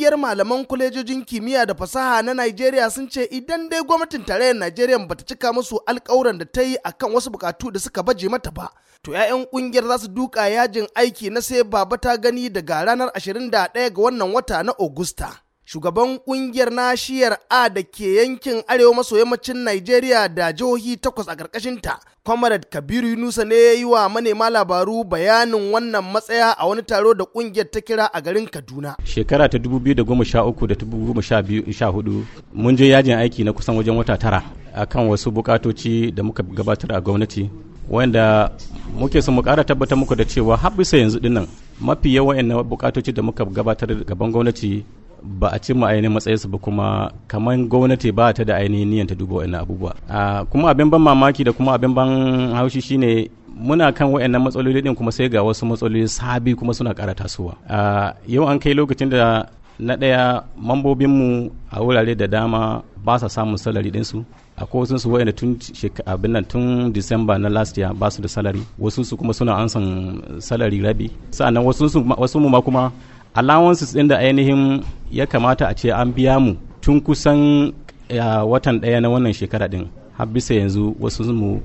Ƙungiyar malaman kwalejojin kimiyya da fasaha na Najeriya sun ce idan dai gwamnatin tarayyar Najeriya ba ta cika musu alƙawuran da ta yi akan wasu bukatu da suka baje mata ba. To 'ya'yan ƙungiyar za su duka yajin aiki na sai baba ta gani daga ranar 21 ga wannan wata na Ogusta. shugaban kungiyar nashiyar a da ke yankin arewa maso yammacin nigeria da jihohi takwas a ta Comrade Kabiru Yunusa ne ya yi wa manema labaru bayanin wannan matsaya a wani taro da kungiyar ta kira a garin Kaduna. Shekara ta 2013 da 2014 mun je yajin aiki na kusan wajen wata tara akan wasu bukatoci da muka gabatar a gwamnati wanda muke son mu kara tabbatar muku da cewa har bisa yanzu dinnan mafi yawan bukatoci da muka gabatar gaban gwamnati ba a cimma ainihin matsayinsu ba kuma kamar gwamnati ba ta da ainihin niyan ta duba wa'annan abubuwa kuma abin ban mamaki da kuma abin ban haushi shine muna kan wa'annan matsaloli din kuma sai ga wasu matsaloli sabi kuma suna ƙara tasowa yau an kai lokacin da na ɗaya mambobinmu a wurare da dama ba sa samun salari ɗinsu a wasu su wa'anda tun abin nan tun disamba na last year ba su da salari wasu su kuma suna ansan salari rabi sa'annan wasu mu ma kuma allowances ɗin da ainihin ya kamata a ce an biya mu tun kusan watan ɗaya na wannan shekara ɗin har bisa yanzu wasu mu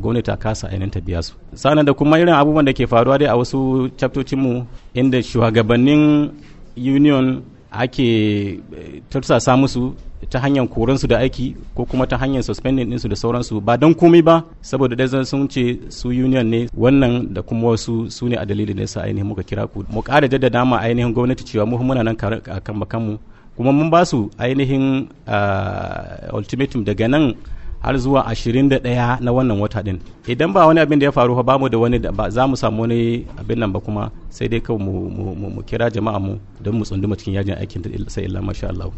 gwamnati ta kasa ainihin ta biya su sannan da kuma irin abubuwan da ke faruwa dai a wasu mu inda shugabannin union ake eh, tursasa musu ta hanyar koransu da aiki ko kuma ta hanyar suspending ɗinsu da sauransu ba don komai ba saboda dai sun ce su union ne wannan da kuma wasu su ne a dalilin da yasa ainihin muka kira ku mu ƙara jaddada ma ainihin gwamnati cewa mu muna nan kan bakanmu kuma mun ba su ainihin ah, ultimatum daga nan har zuwa 21 na wannan wata din idan ba wani abin da ya faru ba mu da wani ba za mu samu wani abin nan ba kuma sai dai kawai mu kira jama'a mu don mu tsunduma cikin yajin aikin sai illa masha Allah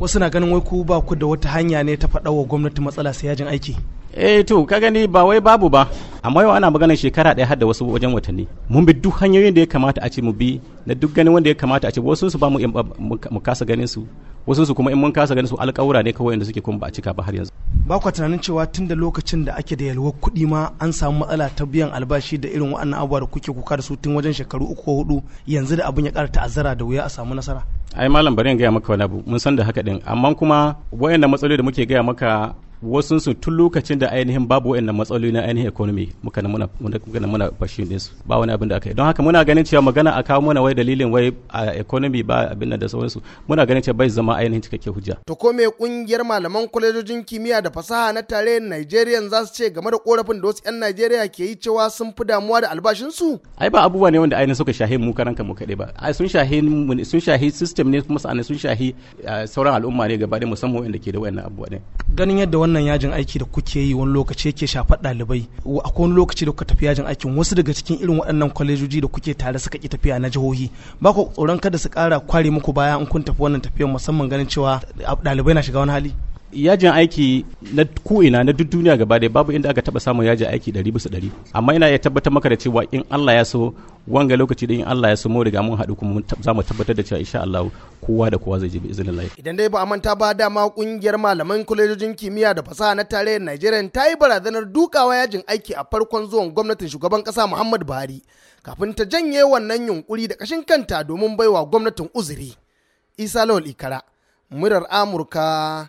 wasu na ganin wai ku ba ku da wata hanya ne ta faɗa wa gwamnati matsala sai yajin aiki eh to ka gani ba wai babu ba amma yau ana magana shekara ɗaya hadda wasu wajen watanni mun bi duk hanyoyin da ya kamata a ce mu bi na duk ganin wanda ya kamata a ce wasu su ba mu kasa ganin su wasu su kuma in mun kasa ganin su alƙawura ne kawai da suke kuma ba a cika ba har yanzu ba ku tunanin cewa tun da lokacin da ake da yalwar kuɗi ma an samu matsala ta biyan albashi da irin waɗannan abubuwa da kuke kuka da su tun wajen shekaru uku ko hudu yanzu da abin ya ƙara ta'azzara da wuya a samu nasara ai malam bari in gaya maka wani abu mun san da haka din amma kuma wayannan matsaloli da muke gaya maka wasu su tun lokacin da ainihin babu wa'annan matsaloli na ainihin economy muka muna muna muna fashin din su ba wani abin da aka yi don haka muna ganin cewa magana a kawo mana wai dalilin wai a economy ba abin da sauransu muna ganin cewa bai zama ainihin cikakke hujja to ko me kungiyar malaman kwalejojin kimiyya da fasaha na tarayyar Nigeria za su ce game da korafin da wasu 'yan Najeriya ke yi cewa sun fi damuwa da albashin su ai ba abubuwa ne wanda ainihin suka shahi mu karan mu kaɗai ba ai sun shahi sun shahi system ne kuma sa'an sun shahi eh, sauran al'umma ne gaba ɗaya musamman wanda ke da wa'annan abubuwa ne ganin yadda wannan yajin aiki da kuke yi wani lokaci yake shafar ɗalibai akwai wani lokaci da kuka tafi yajin aikin wasu daga cikin irin waɗannan kwalejoji da kuke tare suka ki tafiya na jihohi ba ku tsoron kada su ƙara kware muku baya in kun tafi wannan tafiyar musamman ganin cewa ɗalibai na shiga wani hali yajin aiki na ko'ina na duk duniya gaba daya babu inda aka taba samun yajin aiki ɗari bisa ɗari amma ina ya tabbatar maka da cewa in Allah ya so wanga lokaci da in Allah ya so mu riga mun haɗu kuma za mu tabbatar da cewa insha Allah kowa da kowa zai ji bi idan dai ba a manta ba dama kungiyar malaman kwalejojin kimiyya da fasaha na tarayyar Najeriya ta yi barazanar dukawa yajin aiki a farkon zuwan gwamnatin shugaban kasa Muhammadu Buhari kafin ta janye wannan yunkuri da kashin kanta domin baiwa gwamnatin uzuri Isa Lawal Ikara murar Amurka